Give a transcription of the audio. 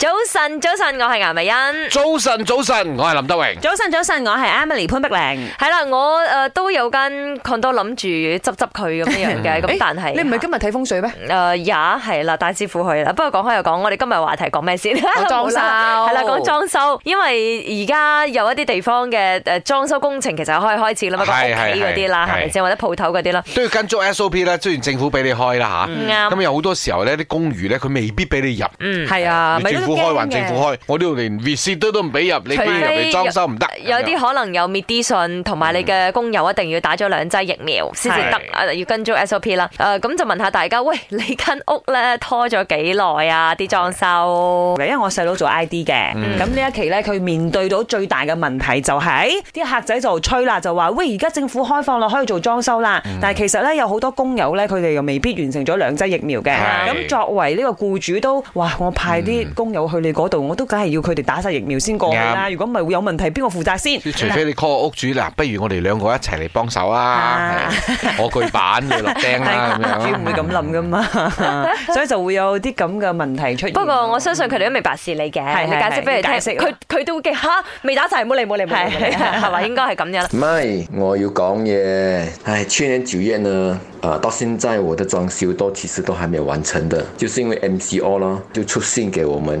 早晨，早晨，我係顏美欣。早晨，早晨，我係林德榮。早晨，早晨，我係 Emily 潘碧玲。係啦，我誒都有跟，都諗住執執佢咁樣嘅，咁但係你唔係今日睇風水咩？誒也係啦，大師傅去啦，不過講開又講，我哋今日話題講咩先？裝修係啦，講裝修，因為而家有一啲地方嘅誒裝修工程其實可以開始啦，譬如屋企嗰啲啦，係咪先或者鋪頭嗰啲啦，都要跟足 SOP 啦，雖然政府俾你開啦吓，咁有好多時候咧，啲公寓咧，佢未必俾你入，係啊，咪都。開還政府開，我呢度連 visitor 都唔俾入，你入嚟裝修唔得。有啲可能有 Medisun 同埋你嘅工友一定要打咗兩劑疫苗先至得，要跟住 SOP 啦。誒、呃、咁就問下大家，喂，你間屋咧拖咗幾耐啊啲裝修。因為我細佬做 ID 嘅，咁呢、嗯、一期咧佢面對到最大嘅問題就係、是、啲客仔就吹啦，就話喂而家政府開放啦，可以做裝修啦。嗯、但係其實咧有好多工友咧，佢哋又未必完成咗兩劑疫苗嘅。咁是作為呢個僱主都，哇！我派啲工友。我去你嗰度，我都梗係要佢哋打晒疫苗先過去啦。如果唔係會有問題，邊個負責先？除非你 call 個屋主嗱，不如我哋兩個一齊嚟幫手啊！我鋸板，你落釘啦，咁樣屋主唔會咁諗噶嘛，所以就會有啲咁嘅問題出現。不過我相信佢哋都明白事嚟嘅，解釋俾佢哋解釋。佢佢都會嘅吓，未打晒，冇你冇你冇你，係咪？應該係咁樣。唔係，我要講嘢。唉，去年九月呢，啊，到現在我的裝修都其實都還未有完成的，就是因為 MCO 啦，就出現嘅我們。